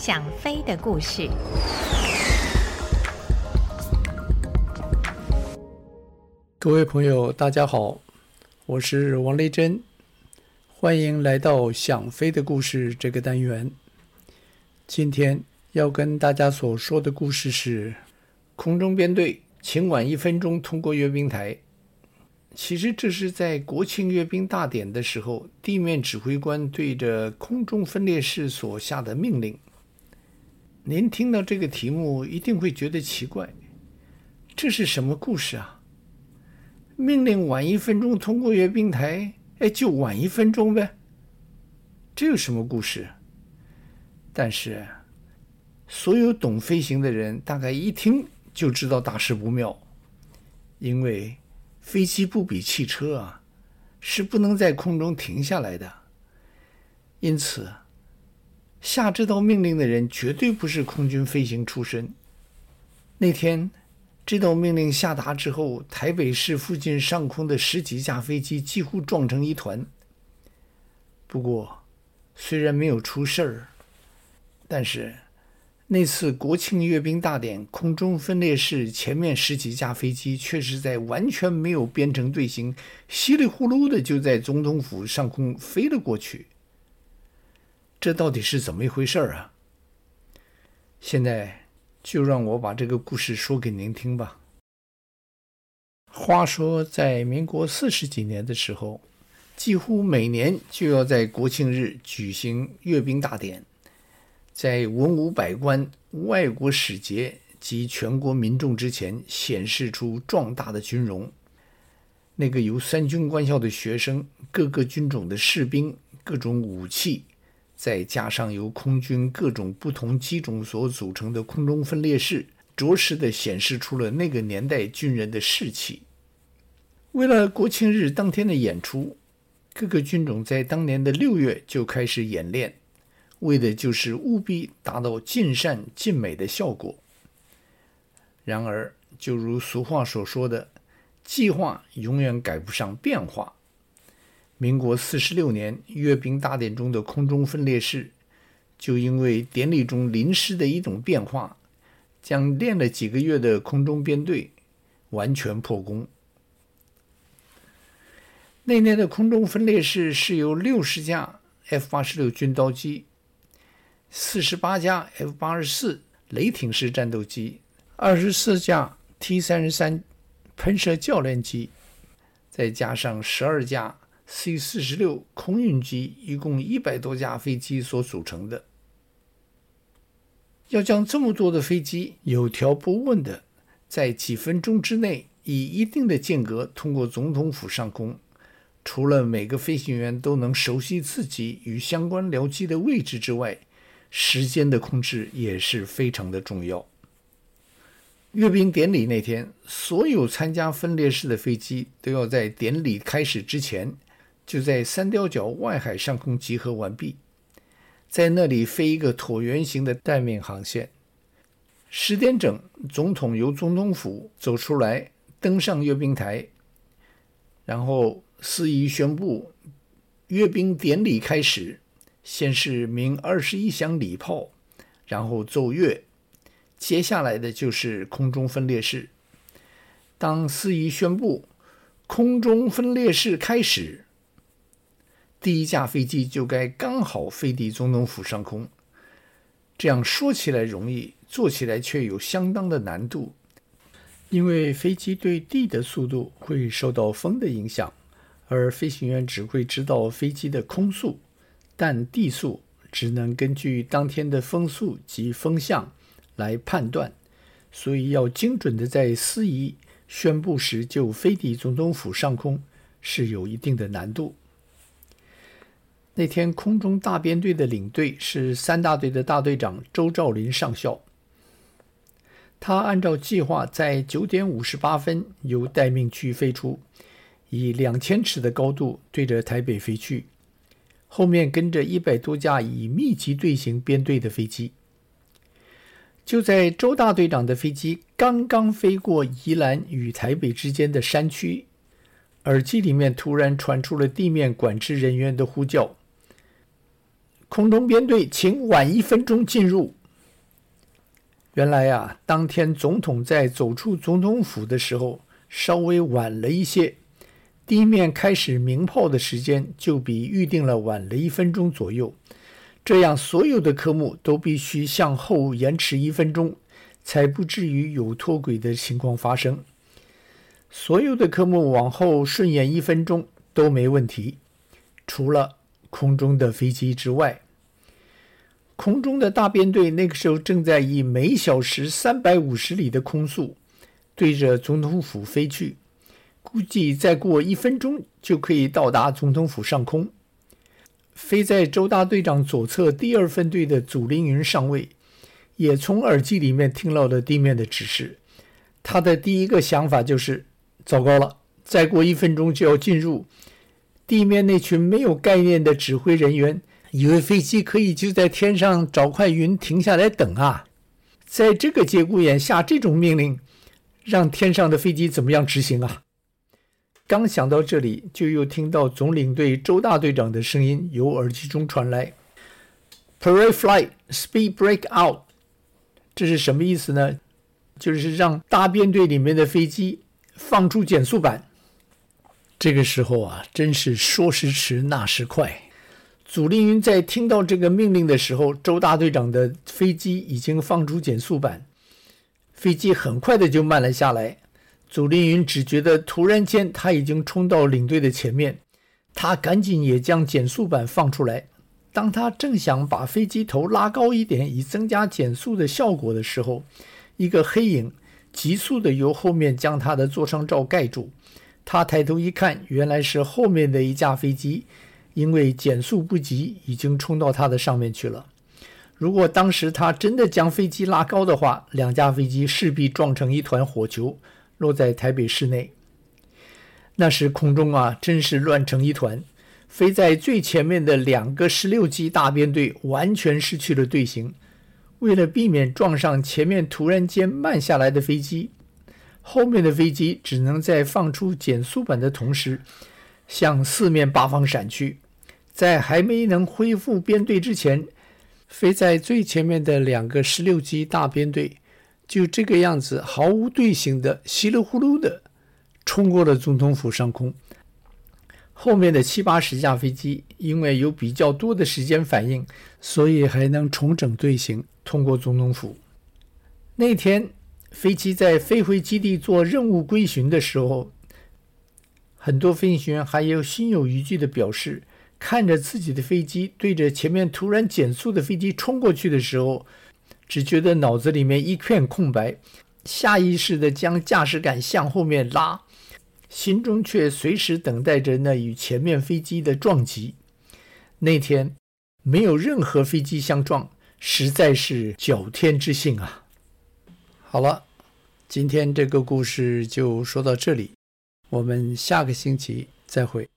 想飛的故事。各位朋友，大家好，我是王雷珍，歡迎來到想飛的故事這個單元。今天要跟大家所說的故事是：空中編隊，請晚一分鐘通過閱兵台。其實這是在國慶閱兵大典的時候，地面指揮官對着空中分列式所下的命令。您聽到這個題目一定會覺得奇怪，這是什麼故事啊？命令晚一分鐘通過閱兵台，哎，就晚一分鐘唄，這有什麼故事？但是，所有懂飛行的人大概一聽就知道大事不妙，因為飛機不比汽車啊，是不能在空中停下來的，因此。下這道命令的人絕對不是空軍飛行出身。那天，這道命令下達之後，台北市附近上空的十幾架飛機幾乎撞成一團。不過，雖然沒有出事兒，但是那次國慶閱兵大典空中分列式前面十幾架飛機卻是在完全沒有編成隊形，稀里呼嚕的就在總統府上空飛了過去。這到底是怎麼一回事兒啊？現在就讓我把這個故事說給您聽吧。話說，在民國四十幾年的時候，幾乎每年就要在國慶日舉行閱兵大典，在文武百官、外國使節及全國民眾之前，顯示出壯大的軍容。那個由三軍官校的學生、各個軍種的士兵、各種武器。再加上由空軍各種不同機種所組成的空中分列式，着實地顯示出了那個年代軍人的士氣。為了國慶日當天的演出，各個軍種在當年的六月就開始演練，為的就是務必達到盡善盡美的效果。然而，就如俗話所說的，“計劃永遠趕不上變化”。民國四十六年閱兵大典中的空中分列式，就因為典禮中臨時的一種變化，將練了幾個月的空中編隊完全破功。那年的空中分列式是由六十架 F 八十六軍刀機、四十八架 F 八十四雷霆式戰鬥機、二十四架 T 三十三噴射教練機，再加上十二架，C 四十六空運機一共一百多架飛機所組成的，要將這麼多的飛機有條不紊的在幾分鐘之內以一定的間隔通過總統府上空，除了每個飛行員都能熟悉自己與相關僚機的位置之外，時間的控制也是非常的重要。閱兵典禮那天，所有參加分列式的飛機都要在典禮開始之前。就在三貂角外海上空集合完畢，在那裡飛一個橢圓形的待命航線。十點整，總統由總統府走出來，登上閱兵台，然後司儀宣布閱兵典禮開始。先是鳴二十一響禮炮，然後奏樂，接下來的就是空中分列式。當司儀宣布空中分列式開始，第一架飛機就該剛好飛抵總統府上空。這樣說起來容易，做起來卻有相當的難度，因為飛機對地的速度會受到風的影響，而飛行員只會知道飛機的空速，但地速只能根據當天的風速及風向來判斷，所以要精準地在司儀宣布時就飛抵總統府上空是有一定的難度。那天空中大編隊的領隊是三大隊的大隊長周兆林上校。他按照計劃在九點五十八分由待命區飛出，以兩千尺的高度對着台北飛去，後面跟着一百多架以密集隊形編隊的飛機。就在周大隊長的飛機剛剛飛過宜蘭與台北之間的山區，耳機裡面突然傳出了地面管制人員的呼叫。空中編隊，請晚一分鐘進入。原來呀、啊，當天總統在走出總統府的時候稍微晚了一些，地面開始鳴炮的時間就比預定了晚了一分鐘左右。這樣，所有的科目都必須向後延遲一分鐘，才不至於有脫軌的情況發生。所有的科目往後順延一分鐘都沒問題，除了。空中的飛機之外，空中的大編隊那個時候正在以每小時三百五十里的空速，對着總統府飛去，估計再過一分鐘就可以到達總統府上空。飛在周大隊長左側第二分隊的祖林雲上尉，也從耳機裡面聽到了地面的指示，他的第一個想法就是：糟糕了，再過一分鐘就要進入。地面那群沒有概念的指揮人員，以為飛機可以就在天上找塊雲停下來等啊，在這個節骨眼下這種命令，讓天上的飛機怎麼樣執行啊？剛想到這裡，就又聽到總領隊周大隊長的聲音由耳機中傳來：“Parade flight speed break out。”這是什麼意思呢？就是讓大編隊裡面的飛機放出減速板。這個時候啊，真是說時遲，那時快。祖立雲在聽到這個命令的時候，周大隊長的飛機已經放出減速板，飛機很快的就慢了下來。祖立雲只覺得突然間他已經衝到領隊的前面，他趕緊也將減速板放出來。當他正想把飛機頭拉高一點，以增加減速的效果的時候，一個黑影急速的由後面將他的座艙罩蓋住。他抬頭一看，原來是後面的一架飛機，因為減速不及，已經衝到他的上面去了。如果當時他真的將飛機拉高的話，兩架飛機勢必撞成一團火球，落在台北市內。那時空中啊，真是亂成一團。飛在最前面的兩個十六機大編隊完全失去了隊形，為了避免撞上前面突然間慢下來的飛機。後面的飛機只能在放出減速板的同時，向四面八方閃去。在還沒能恢復編隊之前，飛在最前面的兩個十六機大編隊就這個樣子，毫無隊形的稀里呼嚕的衝過了總統府上空。後面的七八十架飛機因為有比較多的時間反應，所以還能重整隊形通過總統府。那天。飛機在飛回基地做任務歸巡的時候，很多飛行員還有心有餘悸地表示，看着自己的飛機對着前面突然減速的飛機衝過去的時候，只覺得腦子裡面一片空白，下意識地將駕駛桿向後面拉，心中卻隨時等待着那與前面飛機的撞擊。那天沒有任何飛機相撞，實在是僥天之幸啊！好了，今天這個故事就說到這裡，我們下個星期再會。